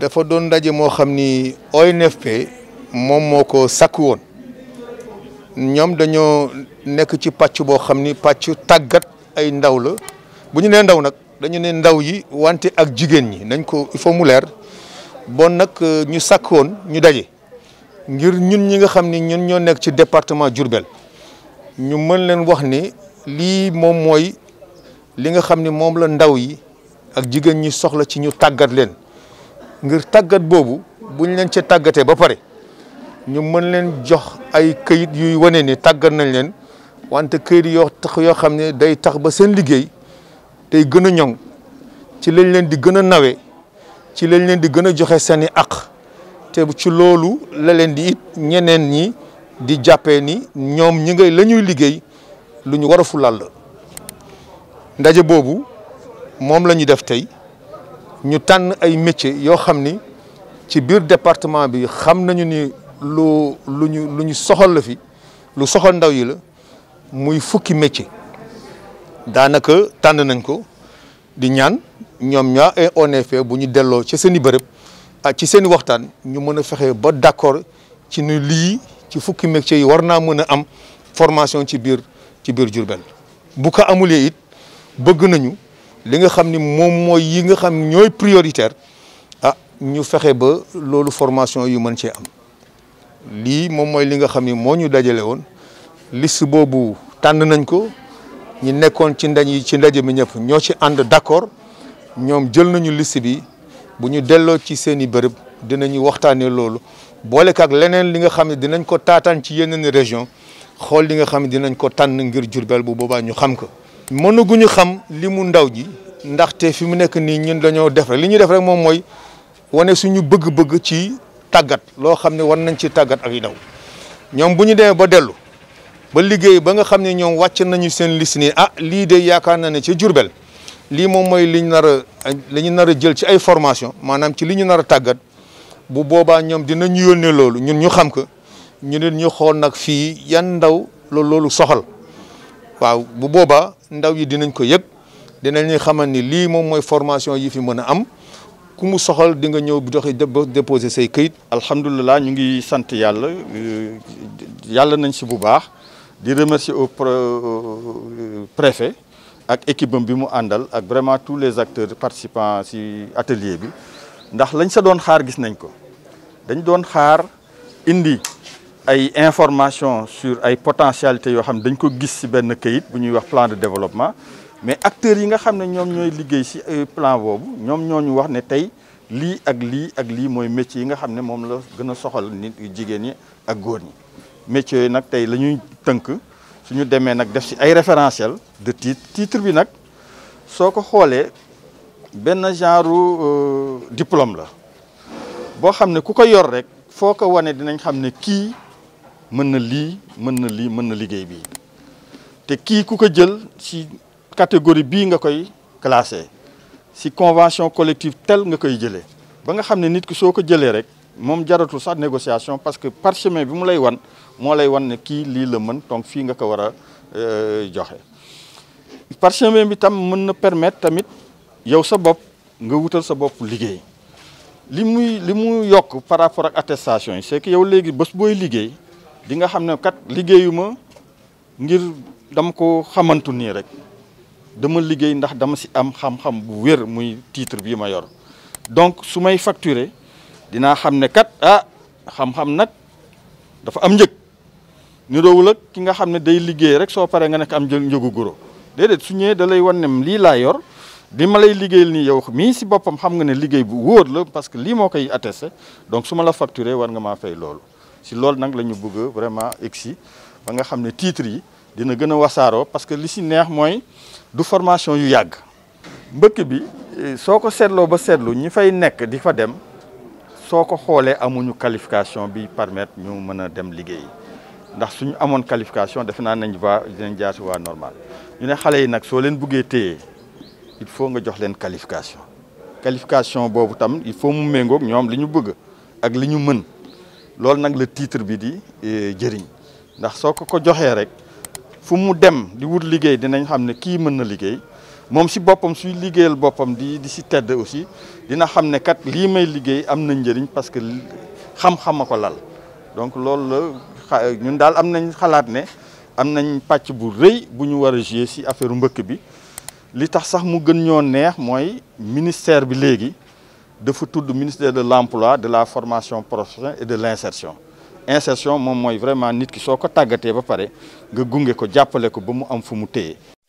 dafa doon ndaje moo xam ni ONFP moom moo ko sakk woon ñoom dañoo nekk ci pàcc boo xam ni pàcc tàggat ay ndaw la bu ñu nee ndaw nag dañu ne ndaw yi wante ak jigéen ñi nañ ko il faut mu leer bon nag euh, ñu sakk woon ñu daje ngir ñun ñi nga xam ni ñun ñoo nekk ci département Diourbel ñu mën leen wax ni lii moom mooy li nga xam ni moom la ndaw yi ak jigéen ñi soxla ci ñu tàggat leen ngir tàggat boobu buñ leen ci tàggatee ba pare ñu mën leen jox ay këyit yuy wane ni tàggat nañ leen wante këyit yoo tax yoo xam ne day tax ba seen liggéey day gën a ñoŋ ci lañ leen di gën a nawe ci lañ leen di gën a joxe seen i àq te ci loolu la leen di it ñeneen ñi di jàppee ni ñoom ñi ngay lañuy liggéey lu ñu war a fulal la ndaje boobu moom la ñu def tey. ñu tànn ay métiers yoo xam ni ci biir département bi xam nañu ni lu lu ñu lu ñu soxal la fi lu soxal ndaw yi la muy fukki métier daanaka tànn nañ ko di ñaan ñoom ñaa en effet bu ñu delloo ci seen i bërëb a ci seen i waxtaan ñu mën a fexe ba d'accord ci ni lii ci fukki métiers yi war naa mën a am formation ci biir ci biir Diourbel bu ko amulee it bëgg nañu li nga xam ni moom mooy yi nga xam ñooy prioritaire a ah, ñu fexe ba loolu formation yu mën cee am lii moom mooy li nga xam ni moo ñu dajale woon liste boobu tànn nañ ko ñi nekkoon ci ndaje yi ci ndaje mi ñëpp ñoo ci ànd d'accord ñoom jël nañu liste bi bu ñu delloo ci seen i bërëb dinañu waxtaanee loolu boole ak leneen li nga xam ne dinañ ko taataan ci yeneen région xool li nga xam ne dinañ ko tànn ngir Jurbel bu boobaa ñu xam ko mënaguñu xam li mu ndaw ji ndaxte fi mu nekk nii ñun dañoo def rek li ñuy def rek moom mooy wane suñu bëgg-bëgg ci tàggat loo xam ne war nañ ci tàggat ak yu ndaw ñoom bu ñu demee ba dellu ba liggéey ba nga xam ne ñoom wàcc nañu seen liste nii ah lii de yaakaar na ne ci Jurbel lii moom mooy li ñu nar a li nar a jël ci ay formation maanaam ci li ñu nar a tàggat bu boobaa ñoom dinañu yónnee loolu ñun ñu xam ko ñu ne ñu xool nag fii yan ndaw loolu loolu soxal waaw boobaa. ndaw yi dinañ ko yëg dinañ ñuy xamal ni lii moom mooy formation yi fi mën a am ku mu soxal di nga ñëw bu joxe déposé say këyit. alhamdulilah ñu ngi sant yàlla euh, yàlla nañ si bu baax di remercier au euh, préfet ak équipe bi mu àndal ak vraiment tous les acteurs participants si atelier bi ndax lañ sa doon xaar gis nañ ko dañ doon xaar indi. ay information sur ay potentialité yoo xam ne dañ ko gis ci benn kayit bu ñuy wax plan de développement mais acteurs yi nga xam ne ñoom ñooy liggéey ci euh, plan boobu ñoom ñoo ñu wax ne tey lii ak lii ak lii mooy métier yi nga xam ne moom la gën a soxal nit jigéen ñi ak góor ñi métiers yooyu nag tey la ñuy tënk suñu demee nag def si ay référentiel de titre titre bi nag soo ko xoolee benn genre euh, diplôme la boo xam ne ku ko yor rek foo ko wane dinañ xam ne mën na lii mën na lii mën na liggéey bii te kii ku ko jël si catégorie bii nga koy classé si convention collective tel nga koy jëlee ba nga xam ne nit ki soo ko jëlee rek moom jaratul sax négociation parce que parchemin bi mu lay wan moo lay wan ne kii lii la mën tong fii nga ko war a euh, joxe parchemin bi tam mën na permettre tamit yow sa bopp nga wutal sa bopp liggéey li muy li mu yokk par rapport ak attestation yi c'est que yow léegi bés booy liggéey dinga xam ne kat liggéeyu ma ngir dama ko xamantu nii rek dama liggéey ndax dama si am xam-xam bu wér muy titre bii ma yor donc su may facturer dinaa xam ne kat ah xam-xam nag dafa am njëg niroowul ak ki nga xam ne day liggéey rek soo paree nga nekk am jël njëgu goro déedéet su ñëwee da lay wan ne lii laa yor di ma lay liggéey nii yow mii si boppam xam nga ne liggéey bu wóor la parce que lii moo koy attesté donc su ma la facturer war nga maa fay loolu si loolu nag la ñu bëgg vraiment egsi ba nga xam ne titres yi dina gën a wasaaroo parce que li si neex mooy du formation yu yàgg mbëkk bi eh, soo ko seetloo ba seetlu ñu fay nekk di fa dem soo ko xoolee amuñu qualification bi permettre ñu mën a dem liggéey ndax suñu amoon qualification defe naa nañ waa dinañ jaar si waa normal ñu ne xale yi nag soo leen buggee téye il faut nga jox leen qualification qualification boobu tam il faut mu méngook ñoom li ñu bëgg ak li ñu mën loolu nag la tiitre bi di eh, jëriñ ndax soo ko ko joxee rek fu mu dem di wut liggéey dinañ xam ne kii mën na liggéey moom si boppam suy liggéeyal boppam di di si tedd aussi dina xam ne kat lii may liggéey am na njëriñ parce que xam-xam a ko lal donc loolu la ñun daal am nañ xalaat ne am nañ pàcc bu rëy bu ñu war a jouer si affaire mbëkk bi li tax sax mu gën ñoo neex mooy ministère bi léegi dafa tudd ministère de l' emploi de la formation professionnelle et de l' insertion insertion moom mooy vraiment nit ki soo ko tàggatee ba pare nga gunge ko jàppale ko ba mu am fu mu téye